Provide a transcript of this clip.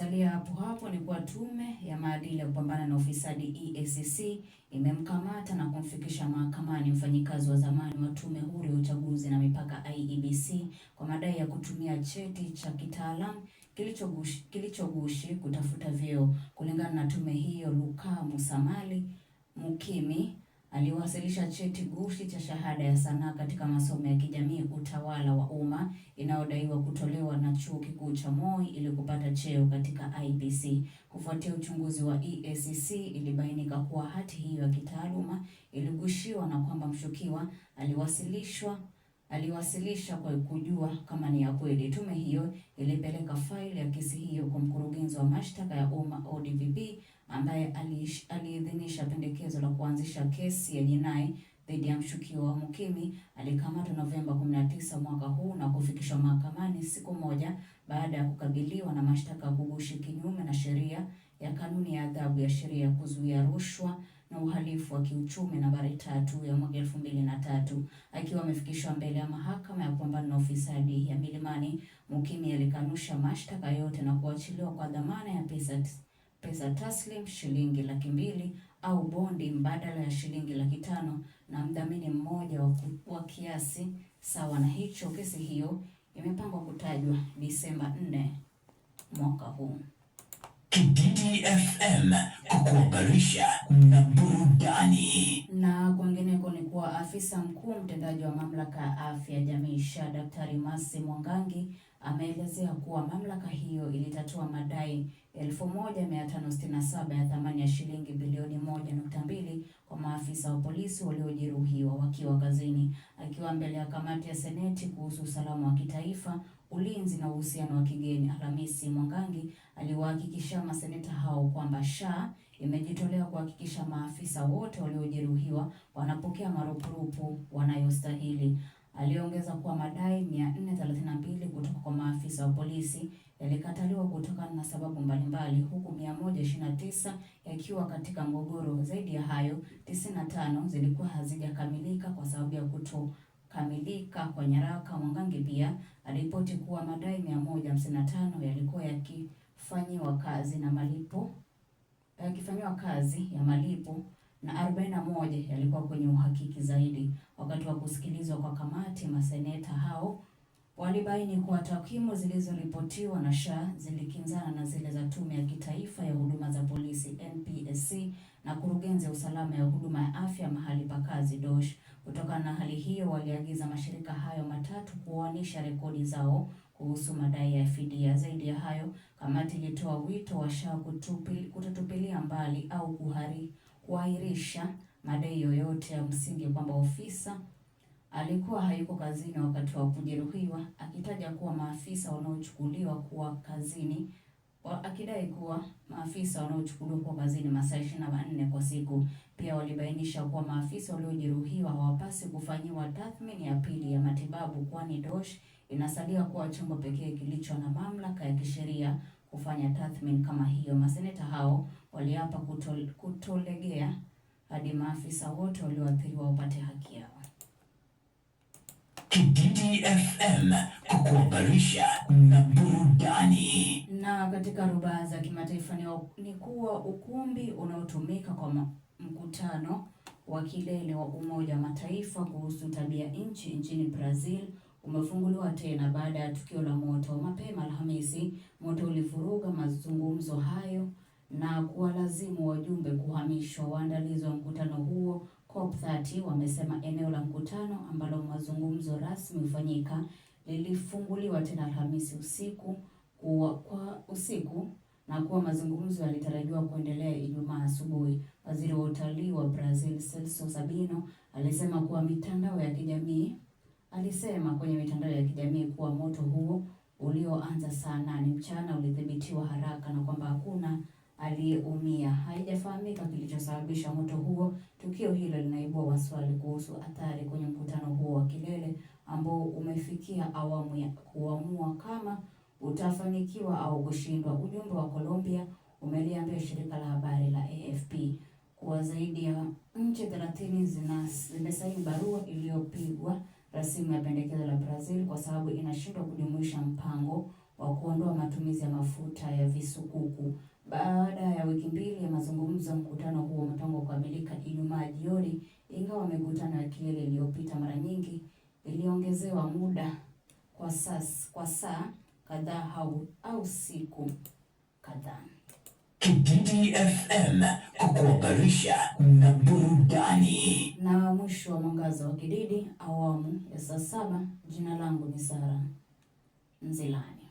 Salia hapo hapo ni kuwa tume ya maadili ya kupambana na ufisadi EACC imemkamata na kumfikisha mahakamani mfanyikazi wa zamani wa tume huru ya uchaguzi na mipaka IEBC kwa madai ya kutumia cheti cha kitaalam kilichogushi kilichogushi kutafuta vyeo. Kulingana na tume hiyo, Luka Musamali Mukimi aliwasilisha cheti gushi cha shahada ya sanaa katika masomo ya kijamii utawala wa umma inayodaiwa kutolewa na chuo kikuu cha Moi ili kupata cheo katika IBC. Kufuatia uchunguzi wa EACC, ilibainika kuwa hati hiyo ya kitaaluma iligushiwa na kwamba mshukiwa aliwasilishwa aliwasilisha kwa kujua kama ni ya kweli. Tume hiyo ilipeleka faili ya kesi hiyo kwa mkurugenzi wa mashtaka ya umma ODPP, ambaye aliidhinisha pendekezo la kuanzisha kesi ya jinai dhidi ya mshukiwa wa Mukimi alikamatwa Novemba 19 mwaka huu na kufikishwa mahakamani siku moja baada ya kukabiliwa na mashtaka ya kugushi kinyume na sheria ya kanuni ya adhabu ya sheria ya kuzuia rushwa na uhalifu wa kiuchumi nambari tatu ya mwaka elfu mbili na tatu akiwa amefikishwa mbele ya mahakama ya kupambana na ufisadi ya Milimani, Mukimi alikanusha mashtaka yote na kuachiliwa kwa dhamana ya pesa pesa taslim shilingi laki mbili au bondi mbadala ya shilingi laki tano na mdhamini mmoja wa kiasi sawa na hicho. Kesi hiyo imepangwa kutajwa Disemba 4 mwaka huu. Kididi FM kukuhabarisha na burudani. Na kwingineko ni kuwa afisa mkuu mtendaji wa mamlaka ya afya jamii SHA Daktari masi Mwangangi ameelezea kuwa mamlaka hiyo ilitatua madai 1567 ya thamani ya shilingi bilioni 1.2 kwa maafisa wa polisi waliojeruhiwa wakiwa kazini. Akiwa mbele ya kamati ya Seneti kuhusu usalama wa kitaifa ulinzi na uhusiano wa kigeni Alhamisi Mwangangi aliwahakikishia maseneta hao kwamba SHA imejitolea kuhakikisha maafisa wote waliojeruhiwa wanapokea marupurupu wanayostahili. Aliongeza kuwa madai 432 kutoka kwa maafisa wa polisi yalikataliwa kutokana na sababu mbalimbali, huku 129 yakiwa katika mgogoro. Zaidi ya hayo, 95 zilikuwa hazijakamilika kwa sababu ya kuto kamilika kwa nyaraka. Mwangangi pia aliripoti kuwa madai 155 yalikuwa yakifanyiwa kazi na malipo yakifanyiwa kazi ya malipo na 41 yalikuwa kwenye uhakiki zaidi. Wakati wa kusikilizwa kwa kamati, maseneta hao walibaini kuwa takwimu zilizoripotiwa na SHA zilikinzana na zile za Tume ya Kitaifa ya Huduma za Polisi NPSC na Kurugenzi ya Usalama ya Huduma ya Afya Mahali pa Kazi DOSH. Kutokana na hali hiyo, waliagiza mashirika hayo matatu kuoanisha rekodi zao kuhusu madai ya fidia. Zaidi ya hayo, kamati ilitoa wito wa SHA kutotupilia mbali au kuhari, kuahirisha madai yoyote ya msingi kwamba ofisa alikuwa hayuko kazini wakati wa kujeruhiwa, akitaja kuwa maafisa wanaochukuliwa kuwa kazini akidai kuwa maafisa wanaochukuliwa kuwa kazini masaa ishirini na manne kwa siku. Pia walibainisha kuwa maafisa waliojeruhiwa hawapasi kufanyiwa tathmini ya pili ya matibabu, kwani DOSH inasalia kuwa chombo pekee kilicho na mamlaka ya kisheria kufanya tathmini kama hiyo. Maseneta hao waliapa kutole, kutolegea hadi maafisa wote walioathiriwa wapate haki yao. Kididi FM kukuhabarisha na burudani katika rubaa za kimataifa ni kuwa ukumbi unaotumika kwa mkutano wa kilele wa Umoja wa Mataifa kuhusu tabia nchi nchini Brazil umefunguliwa tena baada ya tukio la moto. Mapema Alhamisi, moto ulivuruga mazungumzo hayo na kuwalazimu wajumbe kuhamishwa. Waandalizi wa mkutano huo COP30 wamesema eneo la mkutano ambalo mazungumzo rasmi hufanyika lilifunguliwa tena Alhamisi usiku kuwa kwa usiku na kuwa mazungumzo yalitarajiwa kuendelea Ijumaa asubuhi. Waziri wa utalii wa Brazil Celso Sabino alisema kuwa mitandao ya kijamii alisema kwenye mitandao ya kijamii kuwa moto huo ulioanza saa nane mchana ulidhibitiwa haraka na kwamba hakuna aliyeumia. Haijafahamika kilichosababisha moto huo. Tukio hilo linaibua waswali kuhusu athari kwenye mkutano huo wa kilele ambao umefikia awamu ya kuamua kama utafanikiwa au kushindwa. Ujumbe wa Colombia umeliambia shirika la habari la AFP kuwa zaidi ya nchi 30 zimesaini barua iliyopigwa rasimu ya pendekezo la Brazil kwa sababu inashindwa kujumuisha mpango wa kuondoa matumizi ya mafuta ya visukuku. Baada ya wiki mbili ya mazungumzo, mkutano huo umepangwa kukamilika Ijumaa jioni, ingawa mikutano ya kilele iliyopita mara nyingi iliongezewa muda kwa saa kwa saa kadhaa au, au siku kadhaa. Kididi FM kukuhabarisha na burudani. Na mwisho wa mwangaza wa Kididi awamu ya saa saba. Jina langu ni Sara Nzilani.